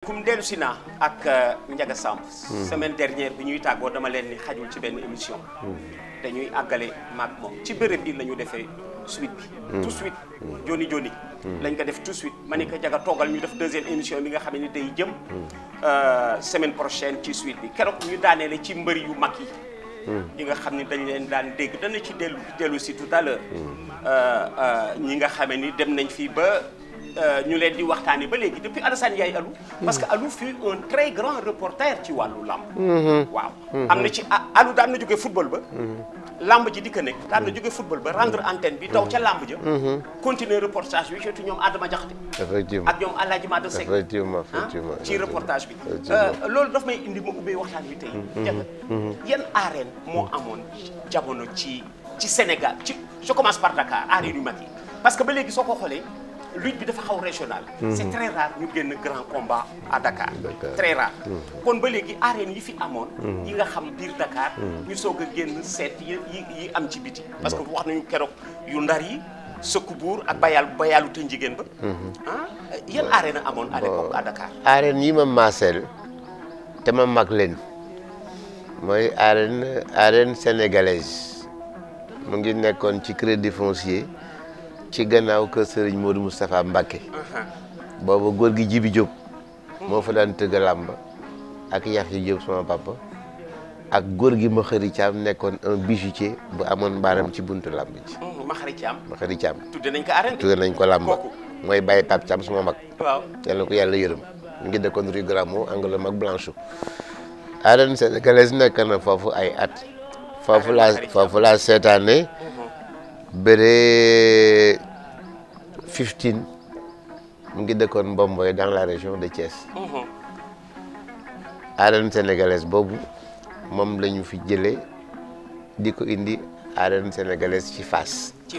kum dellu si naa ak euh, Ndiaga Samb hmm. semaine dernière bi ñuy tàggoo dama leen xajul ci benn émission hmm. dañuy àggale maag moom ci bërëb bi la ñu defee suite bi hmm. tout suite joni joni lañ ko def tout suite ma ni ko jaga toggal ñu def deuxième émission bi nga xam ni day jëm euh, semaine prochaine ci suite bi keroog ñu daaneele ci mbër yu mag yi ñi nga xam ne dañ leen daan dégg dana ci dellu dellu si tout à euh, ñi nga xamee ni dem nañ fi ba Euh, ñu leen di waxtaanee ba léegi depuis Alassane Ndiaye Alou. parce que Alou fut un très grand reporter ci wàllu lamb. Mm-hmm. waaw mm-hmm. am na ci ah, Alou daan na jógee football ba. Mm-hmm. lamb ji di ko nekk daan na jógee football ba rendre antenne bi daw ca lamb ja. continuer reportage bi surtout ñoom Adama Diakhaté. effectivement ak ñoom El Hadj Mada Seck. effectivement ah, ci reportage bi. Euh, loolu daf may indi ma ubbee waxtaan wi tey. yan arène moo amoon jamono ci ci Sénégal ci je commence par Dakar arène yi parce que ba lutte bi dafa xaw régional mhm. c'est très rare ñu génn grand combat à Dakar très rare mhm. kon ba léegi arène yi fi amoon mhm. yi nga biir Dakar ñu soog a génn seet yi am ci biti parce que wax nañu keroog yu ndar yi sëkku buur ak bayal bayalu te njigéen ba ah, yan arène amoon à l'époque à Dakar ma mag leen mooy arène nekkoon ci crédit foncier ci gannaaw kër moo Modou Moustapha Mbacké booba góor gi Jibi Diop moo fa daan tëgg làmb ak Yaxya Diop sama papa ak góor gi Maxari Thiam nekkoon un bijoutier bu amoon mbaaram ci buntu làmb ji. Mm, Maxari Thiam Maxari nañ ko arène tudde mooy Baye Pape Thiam sama mag. waaw yàlla ko yàlla yërëm. mu ngi dëkkoon rue Gramo angle mag Blanchot. arène sénégalaise nekk foofu ay at. foofu foofu laa seetaane. Mm-hmm. béré 15 mu ngi dëkkoon Mbomboy dans la région de Thiès. Mhm. arène sénégalaise boobu moom lañu fi jëlee di ko indi arène sénégalaise ci Fass. ci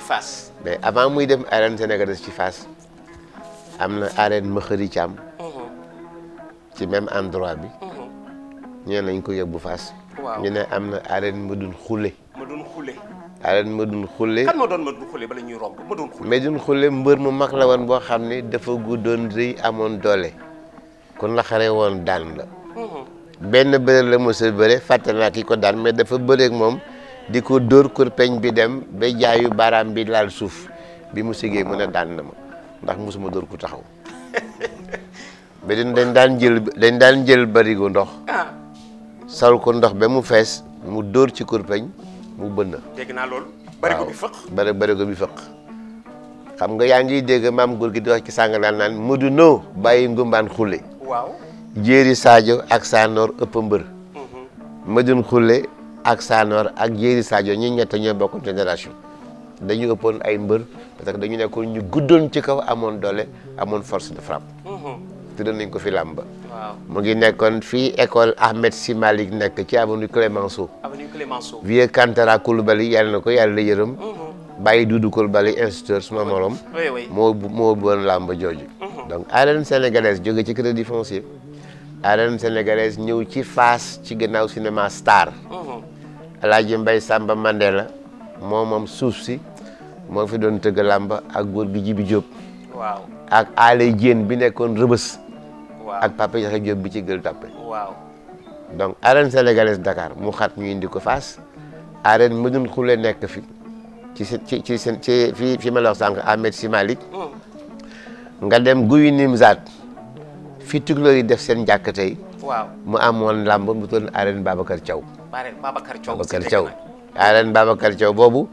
mais avant muy dem arène sénégalaise ci Fass am na arène Mëxëri Thiam. Mhm. ci même endroit bi. Mhm. ñee nañ ko yóbbu Fass. ñu ne am na arène Mëdun Xule. daa doon Madoune Khoule. kan moo doon Madoune mbër mu mag la woon boo xam ne dafa guddoon rëy amoon doole kon la xare woon daan la. Mhm. benn bëre la mos a bëre fàtte naa ki ko daan mais dafa bëreeg moom di ko dóor kurpeñ bi dem ba jaayu baraam bi laal suuf bi mu sigee mën a daan na ma ndax mosuma dóor ku taxaw. ba dañ daan jël dañ daan ndox. Ah. sal ko ndox ba mu fees mu dóor ci kurpeñ. mu bënn. dégg naa loolu. barigo bi fëq waaw barigo xam nga yaa ngi dégg maam góor gi di wax ci sàngalaan naan Modou Lo bàyyi ngumbaan xulle. waaw saajo ak saanoor ëpp mbër. Mhm. Modou xulle ak saanoor ak jéeri Sadio ñi ñett ñoo bokk génération. dañu ëppoon ay mbër parce que dañu nekkoon ñu guddoon ci kaw amoon doole amoon force de frappe. Mhm. tuddee nañ ko fi làmb. waaw mu ngi nekkoon fii école Ahmed Sy Malick nekk ci avenue Clémenceau. avenue Clémenceau. vieux Kantara Koulibaly yal na ko yàlla yërëm. Mhm. bàyyi kul Koulibaly instituteur suma morom. moo moo bon làmba jooju. Mhm. donc arène sénégalaise joge ci crédit foncier. arène sénégalaise ñëw ci Fass ci gannaaw cinéma star. El mhm. Hadj Mbaye Samba Mandela moo moom suuf si moo fi doon tëgg làmb ak góor gi Jibi Diop. ak Alé Diène bi nekkoon rëbës. ak Papa Diakha Diop bi ci gël tàppe waaw donc arène sénégalaise Dakar mu xat ñu indi ko fas Fass arène mënul xule nekk fi ci ci ci ci fi fi ma la wax sànq Ahmed Sy Malick hmm. nga dem guyu Nimzaat fi tukulóor def seen njàkk tey waaw mu amoon làmb mu toon arène Babacar Thiaw Babacar Thiaw Babacar Thiaw arène boobu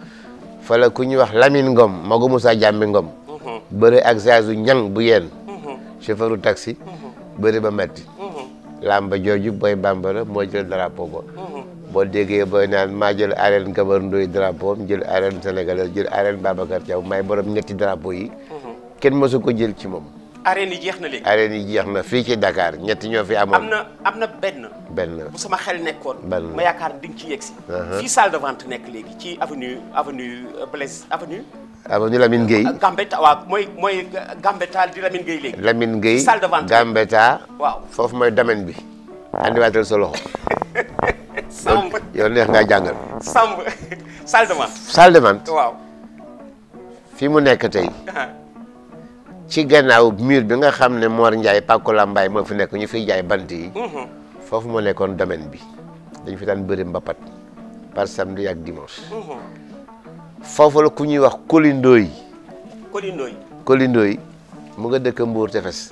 fa la ku ñuy wax Lamine Ngom magu Moussa Diambi Ngom hmm. bëre ak Zazu Ñang bu yeen hmm. chauffeuru taxi bëri ba metti mm-hmm. lamba jooju booy bambara mooy jël drapeau ba mm-hmm. boo déggee booy naan maa jël arène gabar ndoy drapeau am jël arène sénégalais jël arène Babacar Thiaw may borom ñetti drapeau yi mm-hmm. kenn mësu ko jël ci moom arène yi jeex na léegi arène yi jeex na fii ci Dakar ñetti ñoo fi amoon am na am benn benn bu sama xel nekkoon ma yaakaar di nga ci yegg si uh-huh. fii salle de vente nekk léegi ci avenue avenue Blaise avenue avenue ah, Lamine Gueye. Gambetta waaw mooy mooy di Lamine Gueye léegi. Lamine Gueye foofu mooy domaine bi. andiwaatal sa loxo. Samb yow neex ngaa jàngal. fi mu nekk tey. ci gannaaw mur bi nga xam ne Mor Ndiaye Pakola Mbaye moo fi nekk ñu fiy jaay bant yi. Mhm. foofu moo nekkoon domaine bi. dañu fi daan bëri mbapat par samedi ak dimanche. Mhm. foofu la ku ñuy wax Kolindooy. Kolindooy. mu nga dëkk Mbour Tefes.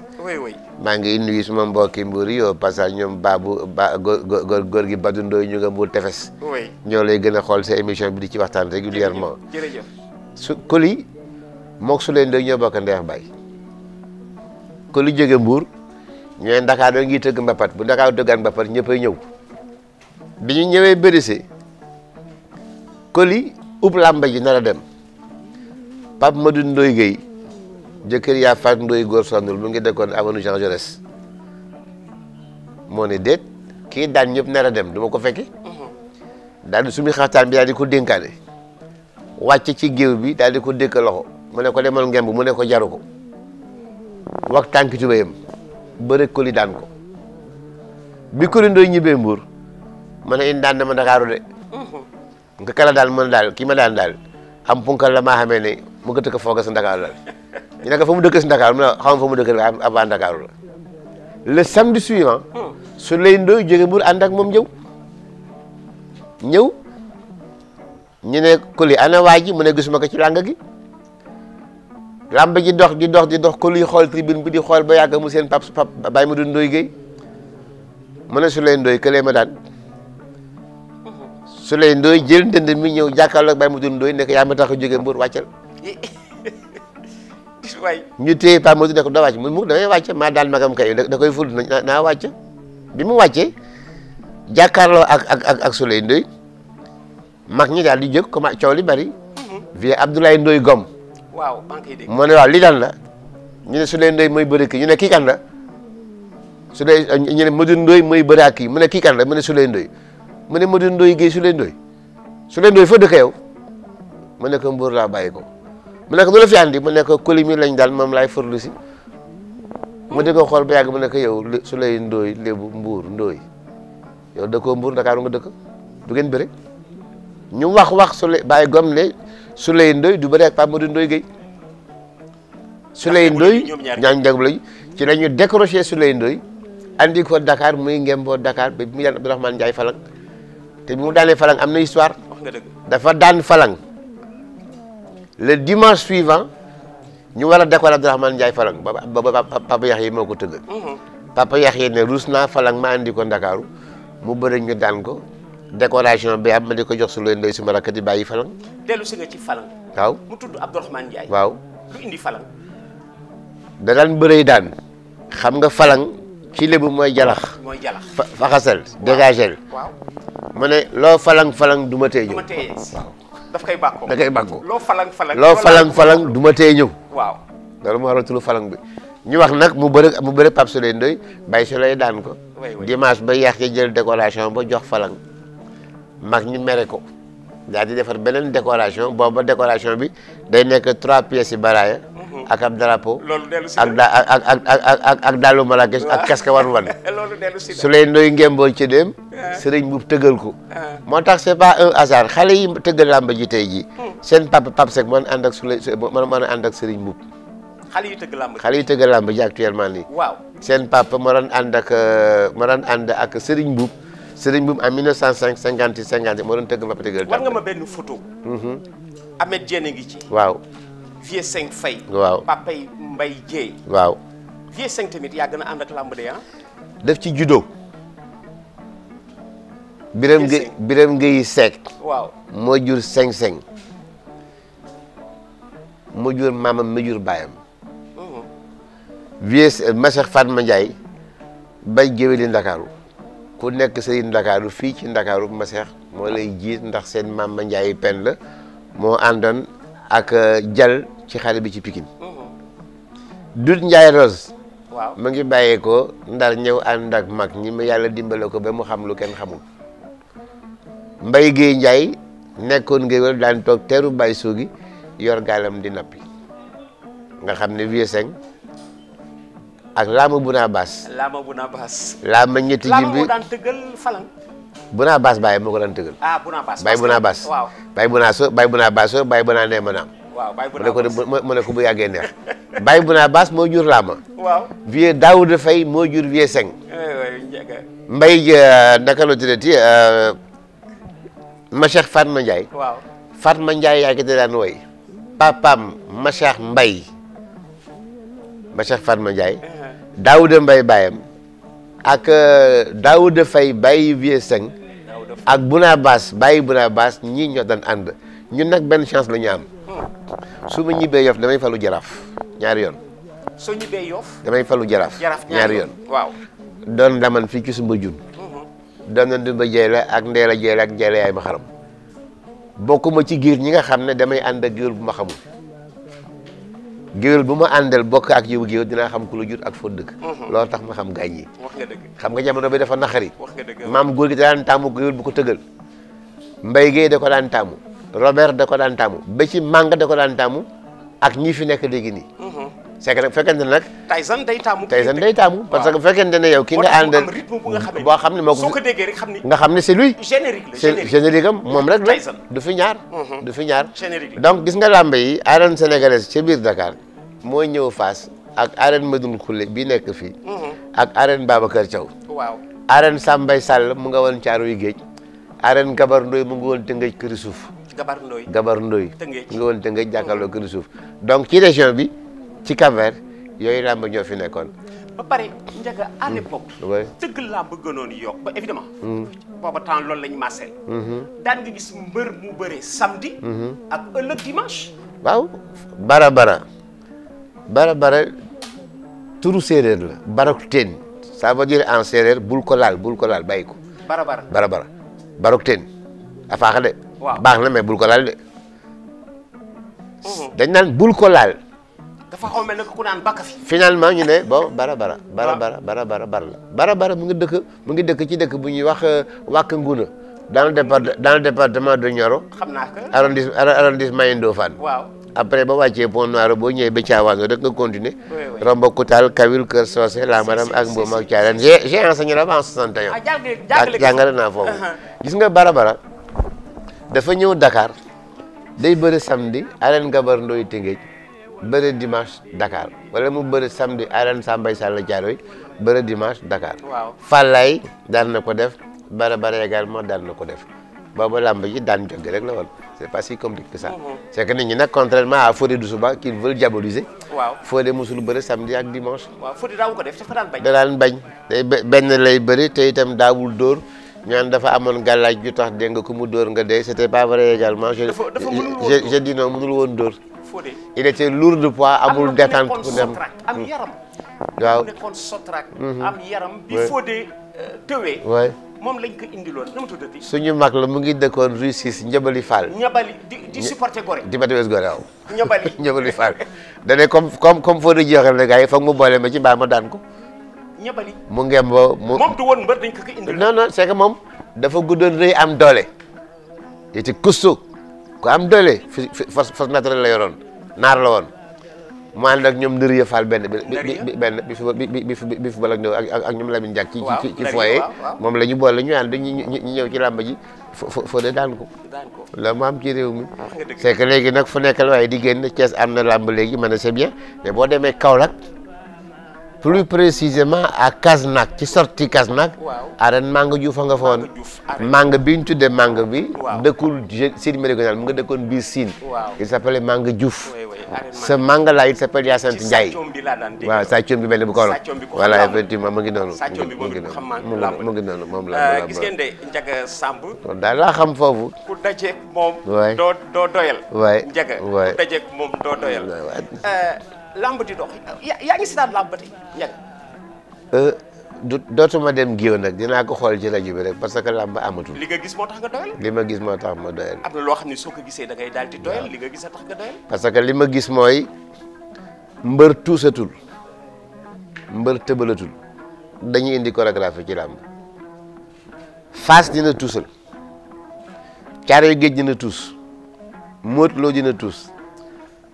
maa ngi nuyu suma mbokki Mbour yi yow passage ñoom Babou Ba góor gi Badou Ndoy ñu nga Mbour Tefes. oui ñoo lay gën a xool sa émission bi di ci waxtaan régulièrement jërëjëf su Koli moog su leen doy ñoo bokk ndeex bay Koli jóge Mbour ñooy Ndakaar doon ngi tëgg mbapat bu Ndakaar tëggaan mbapat ñëppay ñëw bi ñu ñëwee Bédési Koli. ub lamba ji nar dem Pape Madou Ndoye Gueye jëkkër yaa Fatou ndoy góor sondul mu ngi dëkkoon avenue Jean Jaurès moo ne déet kii daan ñëpp nar dem duma ko fekki mhm. daal di sumi xaftaan bi daal di ko dénkaane wàcc ci géew bi daal ko dékk loxo mu ne ko demal ngemb mu ne ko jaru ko wax tànki tubéyam bëre koli daan ko bi koli ndoy ñibbee mbuur ma ne in daan dama Ndakaaru de nga kala daal mën daal kii ma daan daal am punkal la maa xamee ne mu gëtt fooga sa Ndakaaru la ñu fa mu dëkk si Ndakaaru mu ne fa mu dëkk rek Ndakaaru la le samedi suivant su lay ndooy jóge Mbuur ànd ak moom ñëw ñëw ñu ne kuli ana waa ji mu ne gisuma ko ci làng gi làmb ji dox di dox di dox kuli xool tribune bi di xool ba yàgg mu seen pap pap bàyyi mu du ndooy géey mu ne su lay ndooy këlee ma daan su lay ndooy jël ndënd mi ñëw jàkkaarloog Baye Modou Ndoye nekk yaa ma tax a jógee Mbour wàccal waay ñu téye Baye Modou ne ko doo wàcc mu mu dafay wàcc daal magam kay da koy ful na naa wàcc bi mu wàccee jàkkaarloo ak ak ak ak su lay daal di jóg comme coow li bari mhm. vie Abdoulaye Ndoye Gom waaw moo ne lii daan la ñu ne su lay Ndoye mooy bëri kii ñu ne kii kan la su lay ñu mooy bëri ak kii mu ne kii kan la mu ne su ma ne Madou ndooy Guèye su leen doy su leen doy fa dëkk yow ma nekk ko Mbour laa bàyyi ko mu nekk ko du la fi andi ma ne kolimi coli lañ daal moom laay farlu si ma di ko xool ba yàgg ma yow su lay Ndoye lébu Mbour Ndoye yow dëkkoo Mbour Dakar nga dëkk du ngeen bëri ñu wax wax su lay bàyyi gom ne su lay du bëri ak Pape Madou Ndoye Guèye su lay Ndoye ñaañ jagb lañu ci la ñu décroché su lay Ndoye andi ko muy ngemboo Dakar ba mu yan Abdourahmane Ndiaye Falang te bi mu daanee Falang am na histoire dafa daan Falang le dimanche suivant ñu war a décorer Abdourahmane Ndiaye Falang ba ba papa yi moo ko tëggal mhm. papa Yaxya ne ruus naa falan maa andi ko Ndakaaru mu bëri ñu daan ko décoration bi am ma di ko jox su looy ndoy suma rakk di bàyyi Falang dellu si nga ci Falang waaw da daan bërëy daan xam nga Falang ci lébu mooy jalax. mooy jalax faxasal dégagel. waaw mu ne loo falan falang du ma tee ñëw. daf koy bàkkoo da koy bàkkoo. loo falang falang loo falang falang du ma tee ñëw. waaw loolu moo waral tulu bi. ñu wax nag mu bëri mu bëri Pape Souleye Ndoye Baye Souleye daan ko. dimanche ba yàq yi jël décoration ba jox falang mag ñu mere ko. daal di defar beneen décoration booba décoration bi day nekk trois pièces baraaya ak ab drapeau. loolu dellu si ak ak ak ak ak ak daalu malaakis ak casque wan-wan. loolu dellu si su lay nuyu ngemboo ci dem. Ah. sëriñ bu tëggal ko. Ah. moo tax c'est pas un hasard xale yi tëggal làmb ji tey jii. Hmm. seen papa pap sek mën ànd ak su lay mën mën a ànd ak sëriñ Mboup. xale yi tëgg làmb ji xale yi tëgg actuellement nii. sen seen papa ma doon ànd ak ma doon ànd ak sëriñ Mboup. sëriñ Mboup en 1950 50 50 moo doon tëgg ma tëggal. war nga ma benn photo. Mhm. Ahmed Dieng waaw. Vieux Seng Faye. waaw papay yàgg na ànd ak ah. def ci judo. biram gay biram gay seek moo jur seng-seng moo jur maamam ma jur baayam mhm. vieux Macheikh Fatma Ndiaye bay géwéli Ndakaaru ku nekk sëriñ Ndakaaru fii ci Ndakaaru Macheikh moo lay jiit ndax seen maam ma Ndiaye pen la moo àndoon ak euh, jal ci xale bi ci Pikine Dut Ndiaye Rose. mu ngi bàyyeekoo ndar ñëw ànd ak mag ñi mu yàlla dimbale ko ba mu xam lu kenn xamul. mbay Guèye Ndiaye nekkoon ngéwél daan toog teeru bay suugi yor gaalam di nappi nga xam ne vieux seng ak laama bu naa baas. laama bu ñetti ji bi daan tëggal falan. bu naa baas bàyyi moo ko daan tëggal. ah bu naa baas bàyyi bu naa baas. waaw bàyyi bu naa so waaw Baye ne ko bu yàggee neex Baye Bouna Abbas moo jur Lama. waaw vieux Daouda Faye moo jur vieux Seng. Eh, mbay euh, naka la tuddati euh, Macheikh Fatma Ndiaye. waaw Fatma Ndiaye yaa daan woy papam Macheikh Mbay Macheikh Fatma Ndiaye. Eh, eh. Daouda Mbaye baayam ak euh, Daouda Faye bàyyi vieux Seng. ak Bouna Abbas bàyyi Bouna Abbas ñii ñoo daan nag benn chance la ñu am. su ma ñibbee Yoff damay falu jaraaf ñaar yoon. soo ñibbee Yoff. damay falu jaraaf. ñaari yoon waaw. doon daman fii ci sumba jun. Mm-hmm. doon na Ndumba Jeele ak Ndéla Jeele ak Jeele yaay ma ci giir ñi nga xam ne damay ànd ak bu ma xamul. géwél bu ma àndal bokk ak yow géwél dina xam ku la jur ak foo dëkk. Mm-hmm. loolu tax ma xam gaañ yi. xam nga jamono bi dafa naqari. wax nga dëgg maam góor gi daan taamu géwél bu ko tëggal. mbay gee da ko daan taamu. Robert da ko daan taamu ba ci Manga da ko daan taamu ak ñi fi nekk léegi nii. Mhm. c'est que nag fekkente ne nag. Tyson day taamu day taamu. parce que fekkente ne yow ki nga àndal. boo xam ne moo ko soo ko déggee rek nga xam ne c'est lui. générique la moom rek la du fi ñaar. Mhm. du fi ñaar donc gis nga làmb yi arène sénégalaise ci biir Dakar moo ñëw Fass ak arène Medoune Khoule bi nekk fii. Mhm. ak arène Babacar Thiaw. waaw arène Sambay Sall mu nga woon Caaroy Géej. arène Gabar Ndoy mu nga woon Tëngéej Kër Suuf. Gabar Ndoy Gabar Ndoy nga woon te nga jàkkaarloo kër suuf donc ci région bi ci Cap-Vert yooyu làmb ñoo fi nekkoon ba pare njaga à hmm. l'époque tëgg làmb gënoon yokk ba évidemment hmm. booba temps loolu lañu marcel hmm. daan nga gis mbër mu bëree samedi ak ëllëg dimanche waaw bara bara bara bara turu séeréer la barok teen ça veut dire en séeréer bul ko laal bul ko laal bàyyi waaw baax na mais bul ko laal de. Mm-hmm. dañ naan bul ko laal. dafa xaw mel ne ku naan bakk fi. finalement ñu ne bara bara. bara bara bara bara bara la bara bara mu ngi dëkk mu ngi dëkk ci dëkk bu ñuy wax euh, Wàkk Nguna. dans le départ dans le département de Nioro. xam naa ko arrondissement arrondissement Ndofane. waaw après ba wàccee Pont Noir boo ñëwee ba Thiawane rek nga continuer. oui oui Rombo Koutal Kawil Kër Socé Lamaram ak Mboma ak Thiarène j'ai enseigné là-bas en 61. ah jàngale jàngale naa foofu. gis nga bara bara. dafa ñëw dakaar day bëri samedi arène Gabar Ndoye Tëngéej bëri dimanche Dakar wala mu bëri samedi arène Sambay Sall Diaroy bëri dimanche Dakar. waaw Fallaye daan na ko def Bara Bara également daan na ko def booba làmb ji daan jóge rek la woon c'est pas si compliqué que ça. Mm-hmm. c'est que nit ñi nag contrairement à Fodé Doussouba qu'ils veulent diaboliser. waaw Fodé musul bëri samedi ak dimanche. waaw bañ. da daan bañ day lay bëri te itam daawul dóor. ñaan dafa amoon gàllaaj ju tax dégg nga ku mu dóor nga dee c' était pas vrai également je je dis non mënul woon dóor il était lourd de poids amul détente hmm. ku dem hmm. am yaram euh, waaw mag la mu ngi dëkkoon rue 6 Njabali Fall Njabali di di supporté Gorée di ma tewes Gorée waaw Njabali Njabali Fall dane comme comme comme Fodé jeexal na gars yi foog mu boole ma ci mbaa ma daan ko ñebali mu ngem ba mu moom du moom dafa guddoon rëy am doole iti costaud ku am doole fi force force naturelle la yoroon naar la woon mu ànd ak ñoom Ndariya Fall benn bi benn bi fi bi bi bi fi bal ak ñoom ak ak ñoom Lamine Diack. waaw ci ci foyer moom la ñu boole ñu ànd ñu ñu ñëw ci làmb ji fo fo de daan ko. la mu am ci réew mi. Ah, c'est que léegi nag fu nekkal waaye di génn cees am na làmb léegi ma ne c'est bien boo demee Kaolack. plus précisément à Kasnak ci sorti Kasnak. waaw arène ah, Manga Diouf a nga foon. Manga ah, bi ñu tuddee Manga bi. dëkkul Sine Méridional mu nga dëkkoon biir Sine. il s' appelait Manga Diouf. sa ah, Manga laa il s' appelle Yacine Ndiaye. waaw sa bi mel ni bu ko waroon. voilà effectivement mu ngi noonu. mu ngi noonu mu ngi noonu moom la. Euh, gis ngeen de Ndiaga Samb. daal foofu. làmb di dox yaa ngi seetaan làmb tey euh, du dootuma dem géew nag dinaa ko xool ci rajo bi rek parce que làmb amatul. li nga gis moo tax nga doyal. ma gis moo loo xam ne soo ko parce que li ma gis mooy mbër tuusatul mbër tëbalatul dañuy indi chorégraphie ci làmb Fass dina tuusal Caaroy Géej dina tuus Modou Lo dina tuus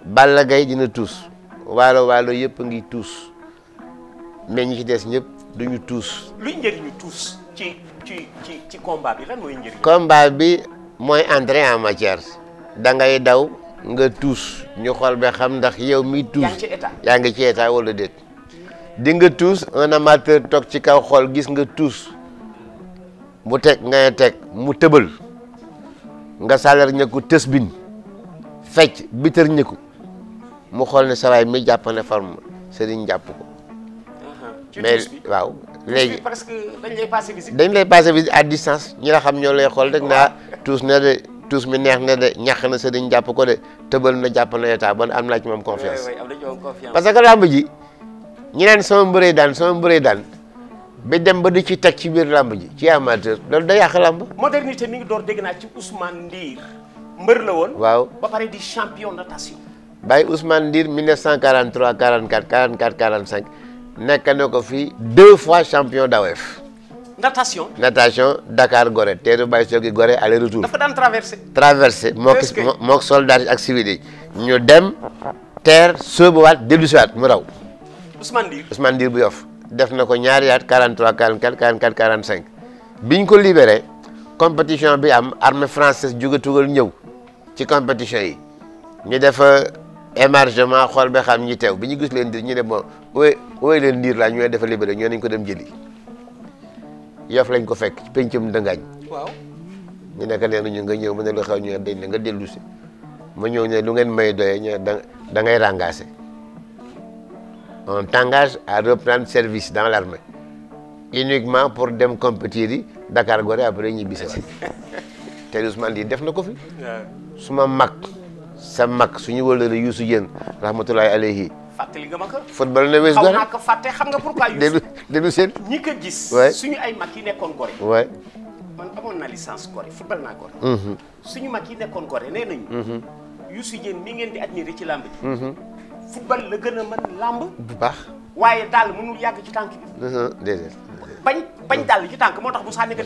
Balla Gaye dina tuus. waalo waalo yëpp a ngi tuus mais ñi ci des ñëpp du ñu tuus ci ci bi mooy njëriñ. combat bi mooy entrée en matière da ngay daw nga tuus ñu xool ba xam ndax yow mi tuus. yaa ngi ci état yaa ngi ci état wala déet. di nga tuus un amateur toog ci kaw xool gis nga tuus bu teg ngay teg mu tëbal nga salar ñëkku tës bin fecc bitar ñëkku mu xool ne sawaay mi jàpp ne forme sëriñ jàpp ko. Uh-huh. mais waaw léegi parce que dañ lay passé visite. a lay passé visite à distance ñi la xam ñoo lay xool rek naa ah, tuus na de tuus mi neex na de ñax na sëriñ jàpp ko de tëbal na jàpp na état ba am naa ci moom confiance. parce que làmb ji ñi naan sama mbëree daan sama mbëree daan ba dem ba di ci teg ci biir làmb ji ci amateur loolu da yàq làmb. modernité mi ngi door dégg naa ci Ousmane Ndir mbër la woon. waaw ba pare di champion Baye Ousmane Ndir 1943 44 44 45 nekk na ko fii deux fois champion d'AOF. natation natation Dakar Gorée teeru Baye Sogi Gorée aller retour. dafa daan traversé. traversé mook mook soldats yi ak civils yi ñu dem teer sóobuwaat dellusiwaat mu raw. Ousmane Ndir Ousmane bu yof def na ko ñaari at 43 44 44 45 biñ ko libéré compétition bi am armée française jóge tugal ñëw ci compétition yi ñu def. Euh, émargement xool ba xam ñi teew bi ñu gis leen di ñu ne bon ooy ooy leen ndiir laa ñu ne dafa libéré ñoo nañ ko dem jëli yof lañ ko fekk ci pencum dëngaañ. waaw ñu nekk nee ñu nga ñëw mu ne lu xew ñu ne dañ la nga dellu ma ñëw ne lu ngeen may doyee ñu da da ngay rengager on t'engage à reprendre service dans l'armée uniquement pour dem compétir yi Dakar Gorée après ñibbi si waat te Ousmane lii def na ko fi. su ma mag. sa mag suñu wëlëre Youssou Dieng rahmatulahi alayhi. fàttali nga ma ko. football na wees dara xaw naa ko fàtte xam nga pourquoi. Youssou déglu seen. ay mag yi nekkoon Gorée. waay man amoon naa licence Gorée mm-hmm. suñu mag yi nekkoon Gorée nee nañu. Mm-hmm. Youssou mi ngeen di admirer ci làmb ji. Mm-hmm. la gën a mën làmb. bu baax waaye daal mënul yàgg ci tànk bi. déedéet. bañ bañ daal ci tànk moo tax bu sànni nga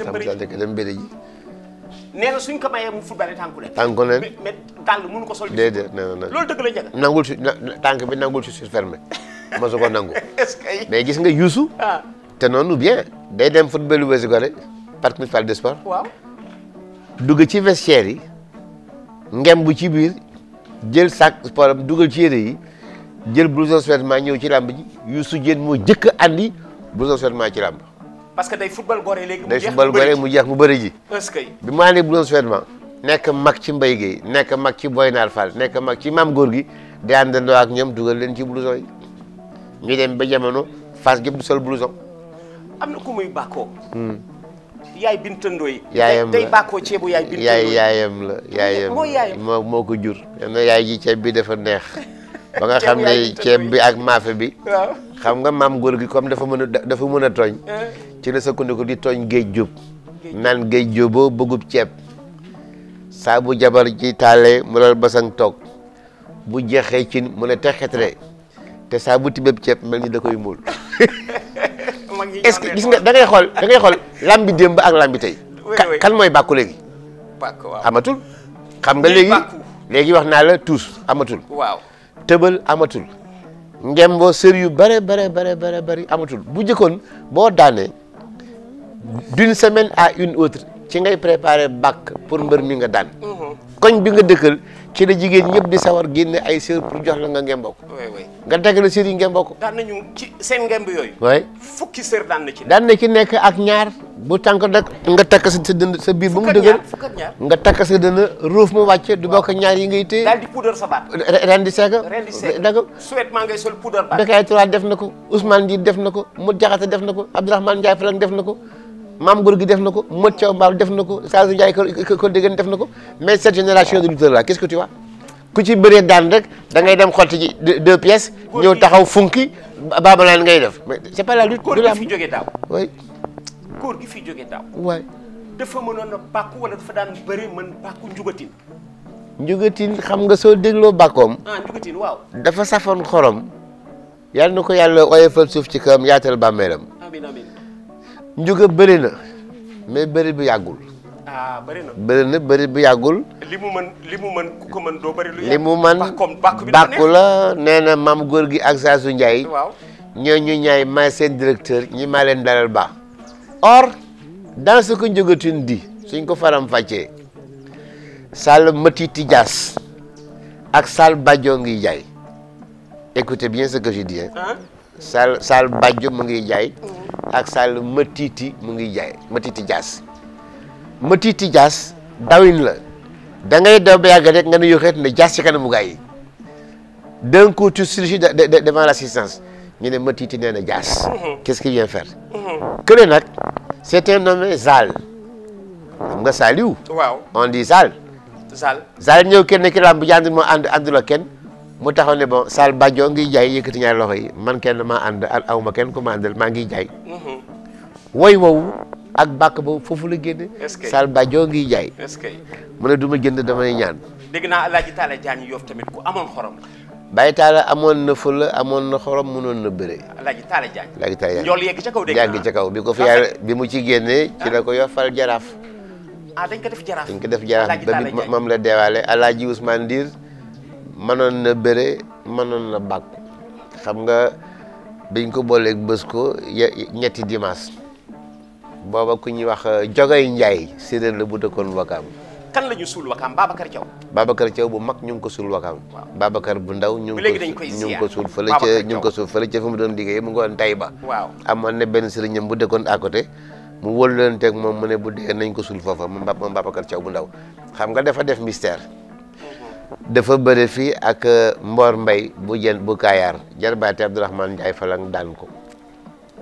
dem bëri ji. nee na suñ ko mayee mu na loolu nangul su tànk bi nangul su fermé ma su ko nangu. est-ce que mais gis nga Youssou. ah te noonu bien. day dem football lu weesu Gorée parc municipal de sport. waaw dugg ci vestiaire yi ngem bu ci biir jël sac sport am dugal ci yére yi jël blouson survêtement ñëw ci làmb ji Youssou Dieng moo jëkk andi blouson survêtement ci làmb. parce que day football gore léegi. mu jeex mu bëri day mu jeex mu bëri ji. est-ce que bi maa ne bu doon nekk mag ci mbay Guèye nekk mag ci Boy Naar Fall nekk mag ci maam góor gi di àndandoo ak ñoom dugal leen ci blouson mi ñu dem ba jamono fas gi du sol blouson. am na ku muy bàkkoo. Hmm. yaay bintandoo yi. yaayam la yaay bintandoo yaay yaayam la moo ko jur. yaay ji ceeb bi dafa neex. ba nga xam ne ceeb bi ak maafe bi. xam nga maam góor gi comme dafa mën dafa mën a tooñ. Eh. ci la sukkandiku di tooñ géej jub naan géej juboo bëggub ceeb saabu bu jabar ji taalee mu lal basang toog bu jeexee cin mu ne texetre te saabu bu tibeeb ceeb mel ni da koy muul est-ce que gis da xool da ngay xool lambi démb ak lambi tey kan mooy bàkku léegi amatul xam nga léegi léegi wax naa la tuus amatul waaw tëbal amatul ngemboo sër yu bare bare bare bare bëri amatul bu jëkkoon boo daanee d'une semaine à une autre ci ngay préparer bac pour mbër mi nga daan. koñ bi nga dëkkal ci la jigéen ñëpp di sawar génne ay sër pour jox la nga ngemboo ko. nga tegale sër yi ngemboo ko. daan nañu ci seen ngemb yooyu. waay fukki sër daan ci. daan na ci nekk ak ñaar bu tànk dak nga takk sa dënd sa biir ba mu dëgër nga takk sa dënd ruuf mu wàcce du bokk ñaar yi ngay téye. daal di poudre sa baat. ren maa ngay sol poudre baat. Bekaay def na ko Ousmane Ndiir def na ko Modou Diakhaté def na ko Abdourahmane Ndiaye Falang def na ko maam góor gi def na ko Modou Thiaw Mbaal def na ko Sadio Ndiaye ko ko dégg def na ko mais cette génération de lutteurs là qu'est-ce que tu vois ku ci bëree daan rek da ngay dem xotti ji deux pièces ñëw taxaw funki baabalaan ngay def mais c'est pas la lutte. góor gi fi jógee daaw oui. fi jógee daaw. waay. dafa mënoon a bàkku wala dafa daan xam nga soo dégloo bàkkoom. ah dafa safoon xorom. yal na ko yàlla oyofal suuf ci kawam yaatal bàmmeelam njuga bëri na mais bëri bu yàggul. ah bëri bu yàggul. limu mu mën li mu mën ku ko mën doo bëri lu yàgg. li bàkku la nee na maam góor gi ak Sassou Ndiaye. waaw ñoo ñu ñaay may seen directeur ñi maa leen dalal ba or dans ce que njugatun di suñ ko faram fàccee Sall Matiti Dias ak Sall Badjo ngi jaay écoutez bien ce que sal sal bàjjo mu ngi jaay ak sal matiti mu ngi jaay matiti jaas matiti jaas dawin la da ngay daw ba yàgg rek nga ne yoxeet ne jaas ci kanamu gars yi d'un coup tu surgis l'assistance ñu ne matiti nee na jaas mm-hmm. qu'est-ce qu'il vient faire kële mm-hmm. nag c'est un nommé Zal nga Saliou waaw on dit Zal ñëw kenn ki lam bu jànd moo ànd àndul ak mu taxaw ne bon Sall Badjo ngi jaay yëkkati ñaari loxo yi man kenn maa ànd ak aw ma kenn ku ma àndal maa ngi jaay. Mhm. woy woowu ak bàkk boobu foofu la génne. est-ce que Sall Badjo ngi jaay. ce que mu ne du ma jënd damay ñaan. dégg naa El Hadj Talla tamit ku amoon xorom la. Baye amoon na fëla amoon na xorom mënoon na bëre. El Hadj Talla Diagne. yegg ca kaw dégg naa kaw bi ko fi ah, yaay bi mu ci génnee. ci la ko yoffal jaraaf. ah dañ ko def jaraaf. dañ ko def moom la deewaale El Hadj Ousmane mënoon na bëre mënoon na bag xam nga biñ ko booleek bës ko ñetti dimanche booba ku ñuy wax euh, Jogay Njaay séeréer la bu dëkkoon Wakaam. kan la ñu suul Wakaam Babacar Thiaw. Babacar Thiaw bu mag ñu ngi ko suul Wakaam. Babacar bu ndaw ñu ngi ko ñu ngi ko suul fële ca ñu ngi ko suul fële ca fi mu doon liggéey mu ngi woon Taïba. waaw amoon na benn sëriñam bu dëkkoon à côté. mu wóolu leen teg moom mu ne bu dee nañ ko suul foofa moom Babacar Thiaw bu ndaw xam nga dafa def mystère. dafa bëre fii ak euh, Mbor Mbay bu jën bu Kaayaar jarbaate Abdourahmane Ndiaye Falang daan ko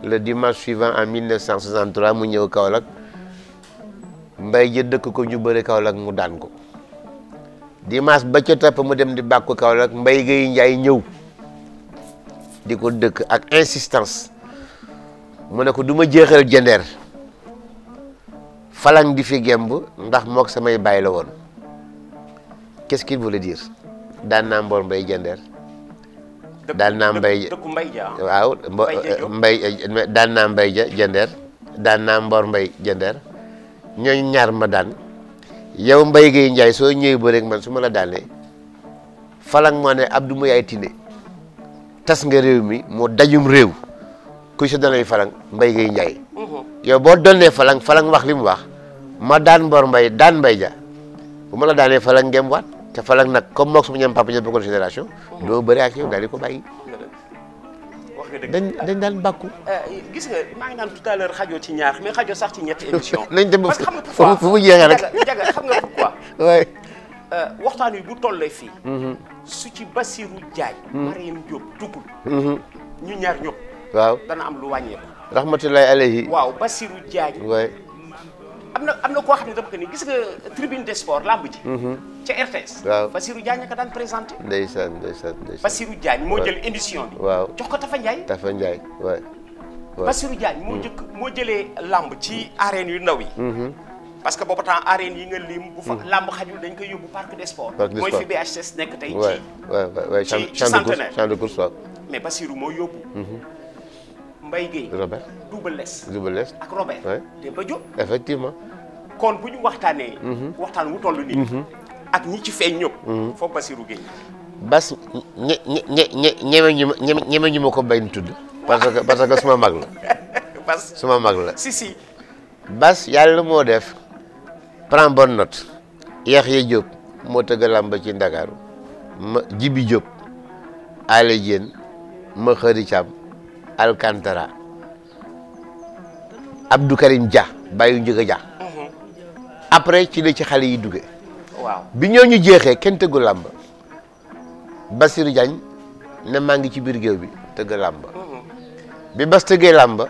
le dimanche suivant en mille 1963 mu ñëw Kaolack Mbay ji dëkk ko ñu bëre Kaolack mu daan ko dimanche ba ca topp mu dem di bàkku Kaolack Mbay Gueye Ndiaye ñëw di ko dëkk ak insistance mu ne ko du ma jeexal jendeer Falang di fi gemb ndax mook samay bàyyi la woon qu'est-ce qu'il daan naa mboor mbay jandeer daan naa mbay waaw mbay daan naa mbay ja jandeer mboor mbay jandeer ñooñu ñaar ma daan yow mbay gay njaay soo ñëwee ba man su ma la daanee falang moo ne Abdou Mbaye ay Tine tas nga réew mi moo dajum réew ku si danay falang mbay gay njaay yow boo donnee falang falang wax li mu wax ma daan mboor mbay daan mbay ja bu ma la daanee falang ngem waat te Falak nag comme moog sama ñam papa ñoo bokkoon génération. doo bëri ak yow daal ko bàyyi. dañ dañ daan eh, gis nga maa ngi naan tout à l'heure xajoo ci ñaar mais xajoo sax ci ñetti émission. nañ dem parce que xam nga rek jaga nga pourquoi. waaye. Eh, waxtaan wi bu tollee fii. Mhm. su ci Basirou Diagne. Mhm. Mariam Diop duggul. Mhm. ñu ñaar ñëpp. waaw lu wàññeeku. rahmatullahi alayhi. am na am na koo xam ne dama gis nga tribune des sports lamb ji. Mhm. ca RTS. waaw Basirou Diagne ka daan présenté. ndeysaan ndeysaan ndeysaan. Basirou Diagne moo jël émission bi. waaw jox ko Tafa Ndiaye. Tafa Ndiaye waay. Basirou Diagne moo mhm. jëkk jëlee lamb ci arène yu ndaw yi. Mhm. parce que boobu temps arène yi nga lim. bu fa lamb xajul dañ koy yóbbu parc des sports. parc des sports mooy fi BHS nekk tey. ci waay champ de course champ mais Basirou moo yóbbu. Mbaye Guèye Robert Double Less. Double Less ak Robert. te ba jóg. effectivement. kon bu ñu waxtaanee. Mhm. wu toll nii. Mhm. ak ñi ci feeñ ñëpp. Mhm. Bas ñeme ñu ma ñeme ñu ko bay ñu tudd. parce que parce que suma mag la. Bas suma mag la Bas yàlla moo def. prend bonne note. Yaxya Diop moo tëgg làmb ci Ndakaaru Jibi Diop. Alé Diène ma xëri Thiam. Alcantara Abdou Karim Dia bàyyi njëga ja après ci la ci xale yi duggee. bi bi ñu jeexee kenn tëggu làmb Basirou Diagne ne maa ngi ci biir géew bi tëgg làmb mhm. bi bas tëggee làmb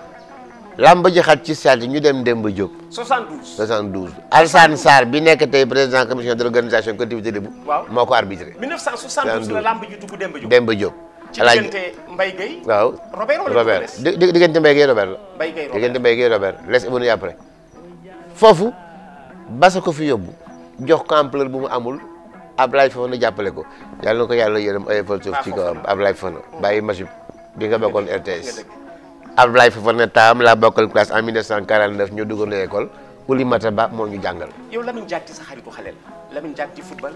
làmb jaxat ci saat yi ñu dem Demba Diop. 72 72. Alsane Sarr bi nekk tey président commission d' organisation collectivité Lébu. moo ko arbitré. Demba Diop. alaaj diggante Mbaye Gueye. waaw Robert diggante Mbaye Gueye Robert la. Mbaye Gueye Robert diggante Mbaye Gueye Robert les évolué après. foofu basa ko fi yóbbu jox ko ampleur bu mu amul Ablaye Fofana jàppale ko yàlla na ko yàlla yërëm oyofal ah, suuf ci kawam Ablaye Fofana mm. bàyyi machib bi nga bokkoon RTS. Ablaye Fofana taam laa bokkal classe en 1949 ñu duggoon école. Oulimata Ba moo ñu jàngal. yow Lamine Diack di sa xaritu xale la Lamine Diack football.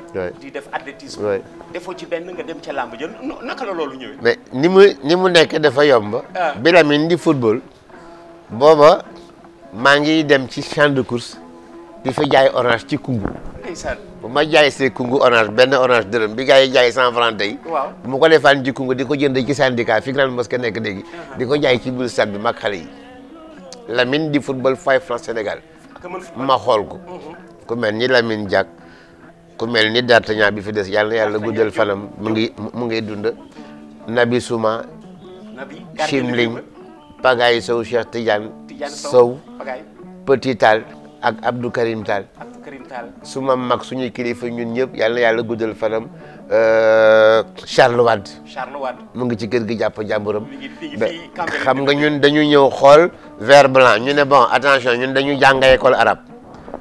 def athlétisme. waay defoo ci benn loolu ñëwee. ni mu ni mu nekk dafa yomb. Ah. bi Lamine ndi football. booba maa ngi dem ci champ de course di fa jaay orange ci kungu. ndeysaan bu ma jaay see kungu orange benn orange dërëm bi gars yi jaay cent franc tey. waaw bu ma ko defaan ci kungu di ko jënd ci syndicat fi Grande Mosquée nekk léegi. Ah. di ko jaay ci biir stade bi mag xale yi. Lamine di football five francs Sénégal. ma xool ko ku mel ni Lamine Diack ku ni Dartagnan bi fi des yàlla na yàlla guddal fanam mu ngi mu ngi dund Nabi Souma Chimling Pagaye Sow Cheikh Tidiane Sow Petit Tall ak Abdou Karim Tall su ma mag suñuy kilifa ñun ñëpp yàlla na yàlla guddal fanam Euh, Charles Wade. mu ngi ci kër gi jàpp jàmburam. xam nga ñun dañu ñëw xool vert blanc ñu ne bon attention ñun dañu jàng école arabe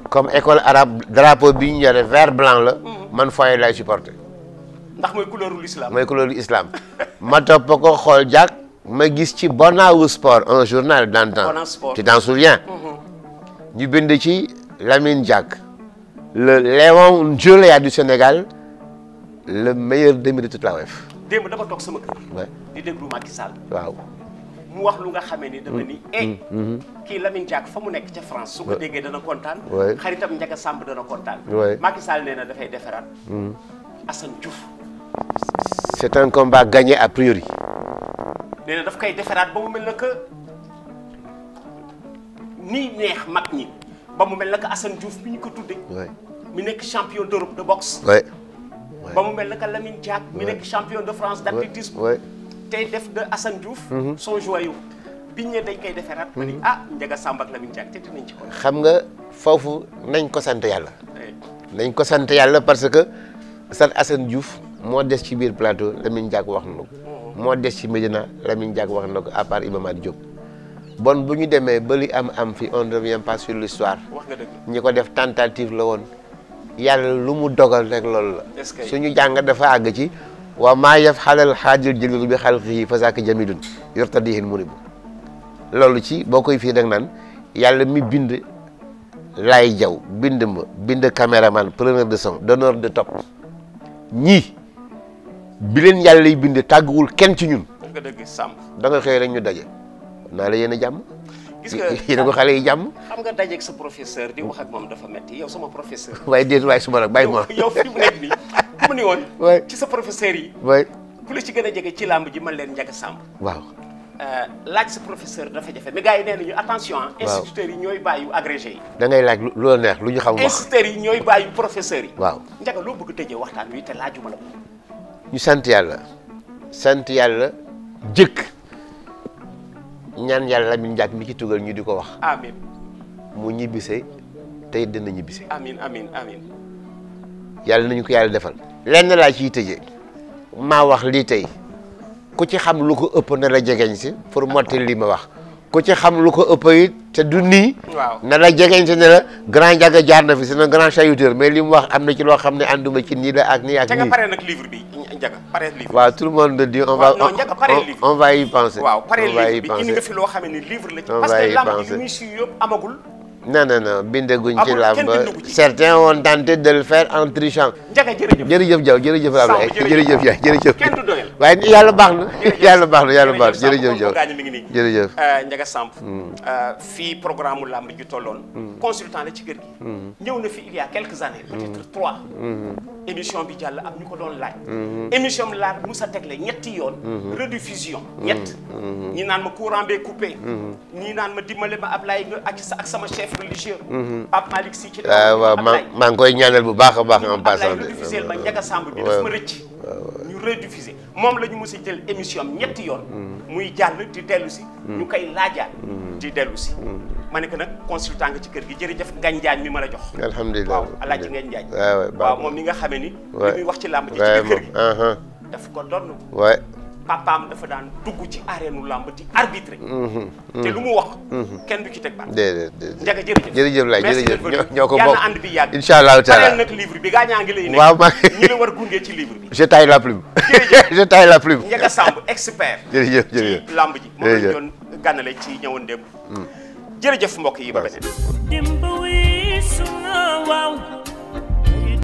comme école arabe drapeau bi ñu yore vert blanc la. Mhm. man foyer lay supporter. ndax mooy couleur lu islam ma topp ko xool jàkk ma gis ci Bonaou Sport un journal d'antan ti t'en souviens mhm. ñu bind ci Lamine Diack le Léon Jolia du Sénégal. le meilleur demi de toute la WEF. démb dafa toog sama kër. di déglu Macky Sall. waaw mu wax lu nga xamee ni dama ni. Mm. eh mm. Mm-hmm. kii Lamine Diack fa mu nekk ca France. su ko déggee dana kontaan. xaritam Ndiaga Samb dana kontaan. waay Macky dafay defaraat. Mm. Assane Diouf. c'est un combat gagné a priori. nee na daf ba mu mel na que nii neex mag ñi ba mu mel na que Assane Diouf bi ñu ko tuddee. mi nekk champion d'Europe de boxe. ba mu mel naka Lamine Diack mi nekk champion de France d'athlétisme tey def de Assane Diouf mhm. son joyau biñ ne dañ mhm. ah xam nga foofu nañ ko sante yàlla nañ ko sante yàlla parce que san Assane Diouf moo des ci biir plateau Lamine Diack wax na ko mhm. moo des ci Médina Lamine Diack wax na ko à part Iba Mar Diop bon bu ñu demee ba li am am fi on revient pas sur l'histoire wax nga ñi ko def tentative la woon yàlla lu mu dogal rek loolu la suñu jàng dafa àgg ci wa maa yafxalal xaajil jëlil bi xalqihi fa zaaka jamilun yortadihin munibu loolu ci boo koy fii nag naan yàlla mi bind lay jaw bind ma bind caméraman preneur de son donneur de top ñii bi leen yàlla lay bind tàgguwul kenn ci ñun da nga xëy rek ñu daje naa la yéen jàmm gis nga yéen a xale yi jàmm xam nga dajeeg sa professeur di wax ak moom dafa metti yow sama professeur waaye déet waaye suma nag bàyyi ma yow fi mu nekk nii mu ci sa professeur yi waay ku la ci gën a jege ci làmb ji man leen njaga sàmb waaw euh, laaj sa professeur dafa jafe mais gars yi nee nañu attention instituteurs yi ñooy bàyyi agrégé yi da ngay laaj lu la neex lu ñu xam wax instituteurs yi ñooy bàyyi professeurs yi waaw njaga loo bëgg tëjee waxtaan wi te laajuma la ñu sant yàlla sant yàlla jëkk ñaan yàlla Lamine Diack mi ci tugal ñu di ko wax. mu ñibbisee tey dina ñibbise. amiin amiin amiin. yàlla nañu ko yàlla defal. lenn laa ciy tëjee. maa wax lii tey ku ci xam lu ko ëpp na la jegeñ si pour mottali lii ma wax. ku ci xam lu ko ëpp te du nii. waaw na la jegeñte ne la grand Ndiaga jaar na fi c'est un grand chahuteur mais li mu wax am na ci loo xam ne ànduma ci nii la ak nii ak nii. Ndiaga pare nag livre bi Ndiaga pare livre. waaw tout le monde dit on va loo xam ne livre la. on va yi muy non non non bindaguñ ci ah làmb certains ont tenté de le faire en trichant. jërëjëf Diaw jërëjëf Ablaye jërëjëf yaay jërëjëf. kenn du doyal waaye yàlla baax na. yàlla baax na yàlla baax na jërëjëf Diaw jërëjëf. Euh, Ndiaga Samb. Mm. Euh, fii programme mu làmb ju tolloon. Mm. consultant la ci kër gi. Mm. ñëw na fi il y a quelques années. peut-être trois. Mm-hmm. émission bi jàll am ñu ko doon laaj. Mm-hmm. émission bi laaj Moussa Tegle ñetti yoon. Mm-hmm. rediffusion ñett. ñi naan ma courant bee coupé. ñi naan ma dimbale ma Ablaye ak sama chef. religieux. Mhm. Pape Malick Sy ci. Ah, waaw ma maa maa ngi koy ñaanal bu baax a baax. en passant de rediffusé ba Ndiaga Samb bi daf ma rëcc. ñu rediffusé moom la ñu mos a jël émission am ñetti yoon. Mhm. muy jàll di dellu si. Mhm. ñu koy laajaat. di dellusi si. ma ne nag consultant nga ci kër gi jërëjëf Ngagne Ndiagne mi ma la jox. alhamdulilah waaw alaaji Ngagne Ndiagne. waaw waaw moom mi nga xamee ni. li muy wax ci làmb ji ci biir kër gi. Uh-huh. daf ko donn. papaam dafa daan dugg ci arénu làmb di arbitré. Mm-hmm. te lu mu wax. Mm-hmm. kenn du ci teg baat. déedéet déedéet jërëjëf jërëjëf laay jërëjëf ñoo ko bokk yàlla ànd bi yàgg. incha allahu taala pareel nag la war gunge ci livre la plume. je taille la ci làmb ji. moom la ñu doon gànnale ci ñëwoon démb. Mm. mbokk yi ba beneen.